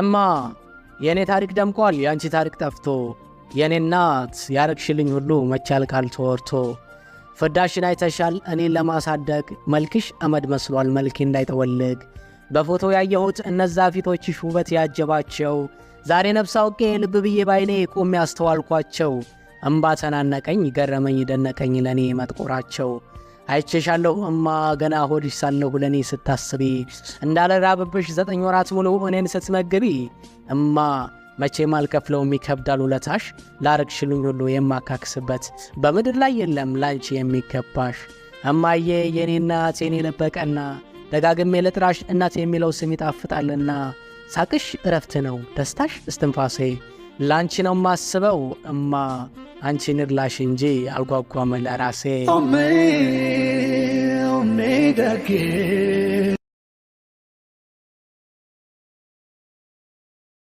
እማ የእኔ ታሪክ ደምቋል፣ የአንቺ ታሪክ ጠፍቶ፣ የእኔ እናት ያረግሽልኝ ሁሉ መቻል ቃል ተወርቶ፣ ፍዳሽን አይተሻል እኔን ለማሳደግ፣ መልክሽ አመድ መስሏል መልክ እንዳይጠወልግ፣ በፎቶ ያየሁት እነዛ ፊቶችሽ ውበት ያጀባቸው፣ ዛሬ ነፍስ አውቄ ልብ ብዬ ባይኔ ቁም ያስተዋልኳቸው፣ እምባ ተናነቀኝ ገረመኝ ደነቀኝ ለእኔ መጥቆራቸው አይቼሻለሁ እማ ገና ሆድሽ ሳለሁ ለእኔ ስታስቢ ራብብሽ ዘጠኝ ወራት ሙሉ እኔን ስትመግቢ እማ መቼም አልከፍለውም ይከብዳል ውለታሽ ላረግሽልኝ ሁሉ የማካክስበት በምድር ላይ የለም ላንቺ የሚገባሽ እማዬ የኔና እናት የኔ ለበቀና ደጋግሜ ልጥራሽ እናት የሚለው ስም ይጣፍጣልና ሳቅሽ እረፍት ነው ደስታሽ እስትንፋሴ ላንቺ ነው ማስበው እማ አንቺ ንድላሽ እንጂ አልጓጓም ለራሴ De que